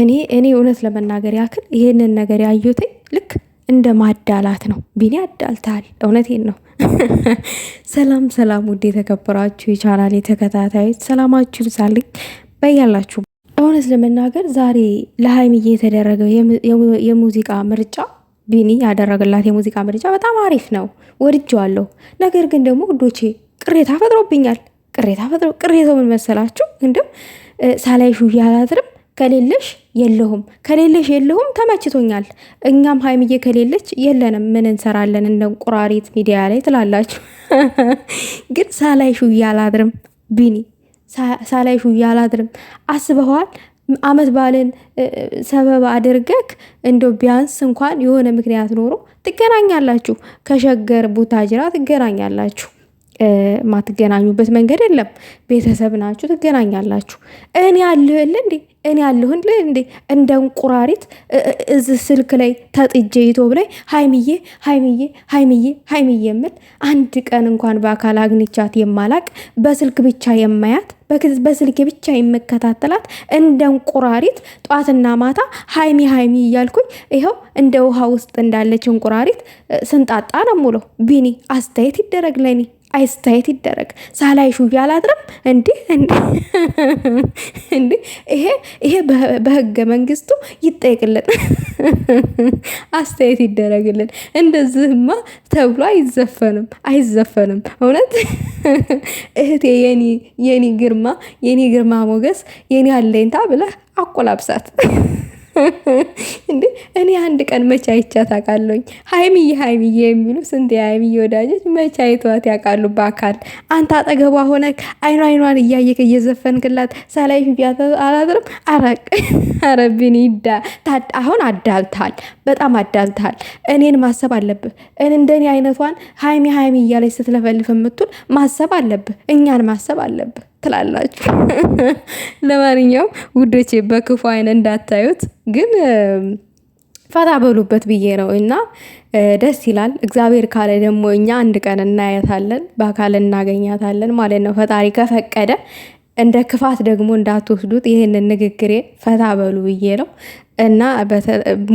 እኔ እኔ እውነት ለመናገር ያክል ይሄንን ነገር ያዩትኝ ልክ እንደ ማዳላት ነው። ቢኒ አዳልታል። እውነቴን ነው። ሰላም ሰላም፣ ውድ የተከበራችሁ የቻናል የተከታታዮች ሰላማችሁ ይብዛልኝ በያላችሁ። እውነት ለመናገር ዛሬ ለሀይሚዬ የተደረገው የሙዚቃ ምርጫ ቢኒ ያደረገላት የሙዚቃ ምርጫ በጣም አሪፍ ነው፣ ወድጀዋለሁ። ነገር ግን ደግሞ ውዶቼ ቅሬታ ፈጥሮብኛል። ቅሬታ ፈጥሮ ቅሬታው ምን መሰላችሁ? እንደው ሳላይሹ እያላትርም ከሌለሽ የለሁም፣ ከሌለሽ የለሁም ተመችቶኛል። እኛም ሀይምዬ ከሌለች የለንም፣ ምን እንሰራለን እንደ ሚዲያ ላይ ትላላችሁ። ግን ሳላይሹ እያላድርም ቢኒ፣ ሳላይሹ እያላድርም አስበዋል። አመት ባልን ሰበብ አድርገክ እንደ ቢያንስ እንኳን የሆነ ምክንያት ኖሮ ትገናኛላችሁ፣ ከሸገር ቡታጅራ ትገናኛላችሁ። ማትገናኙበት መንገድ የለም። ቤተሰብ ናችሁ፣ ትገናኛላችሁ። እኔ አለሁልህ እንዴ እኔ አለሁልህ እንዴ እንደ እንቁራሪት እዚ ስልክ ላይ ተጥጄ ዩቱብ ላይ ሀይምዬ ሀይምዬ ሀይምዬ ሀይምዬ የምል አንድ ቀን እንኳን በአካል አግኝቻት የማላቅ በስልክ ብቻ የማያት በስልኬ ብቻ የምከታተላት እንደ እንቁራሪት ጧትና ማታ ሀይሚ ሀይሚ እያልኩኝ ይኸው እንደ ውሃ ውስጥ እንዳለች እንቁራሪት ስንጣጣ ነው ሙሎ ቢኒ አስተያየት ይደረግ ለኔ አስተያየት ይደረግ ሳላይሹ እያላጥርም እንዲህ እንዲህ ይሄ ይሄ በህገ መንግስቱ ይጠየቅልን፣ አስተያየት ይደረግልን። እንደዚህማ ተብሎ አይዘፈንም አይዘፈንም። እውነት እህቴ የኒ ግርማ የኒ ግርማ ሞገስ የኒ አለኝታ ብለህ አቆላብሳት። እኔ አንድ ቀን መቼ አይቻት አውቃለሁ? ሀይምዬ ሀይሚዬ የሚሉ ስንት የሀይሚዬ ወዳጆች መቼ አይቷት ያውቃሉ? በአካል አንተ አጠገቧ ሆነ አይኗ አይኗን እያየክ እየዘፈንክላት ሳላይ ፊት አላጥርም። አረቅ አረብን ይዳ አሁን አዳልታል፣ በጣም አዳልታል። እኔን ማሰብ አለብህ። እኔ እንደኔ አይነቷን ሀይሚ ሀይሚ እያለች ስትለፈልፍ የምትል ማሰብ አለብህ። እኛን ማሰብ አለብህ ትላላችሁ። ለማንኛውም ውዶቼ በክፉ አይን እንዳታዩት ግን ፈታ በሉበት ብዬ ነው እና ደስ ይላል። እግዚአብሔር ካለ ደግሞ እኛ አንድ ቀን እናያታለን፣ በአካል እናገኛታለን ማለት ነው ፈጣሪ ከፈቀደ። እንደ ክፋት ደግሞ እንዳትወስዱት ይህንን ንግግሬ፣ ፈታ በሉ ብዬ ነው። እና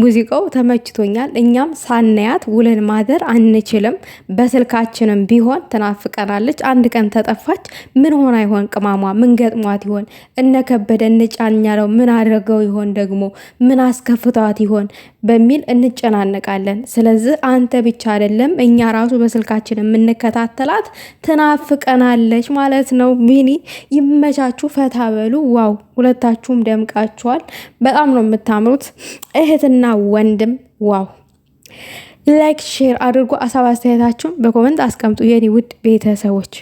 ሙዚቃው ተመችቶኛል። እኛም ሳናያት ውለን ማደር አንችልም። በስልካችንም ቢሆን ትናፍቀናለች። አንድ ቀን ተጠፋች ምን ሆና ይሆን? ቅማሟ ምን ገጥሟት ይሆን? እነከበደ ከበደ ምን አድርገው ይሆን? ደግሞ ምን አስከፍቷት ይሆን በሚል እንጨናነቃለን። ስለዚህ አንተ ብቻ አይደለም እኛ ራሱ በስልካችን የምንከታተላት ትናፍቀናለች ማለት ነው። ሚኒ ይመቻችሁ፣ ፈታ በሉ ዋው ሁለታችሁም ደምቃችኋል። በጣም ነው የምታምሩት እህትና ወንድም። ዋው! ላይክ ሼር አድርጎ አሳብ አስተያየታችሁን በኮመንት አስቀምጡ የኔ ውድ ቤተሰቦች።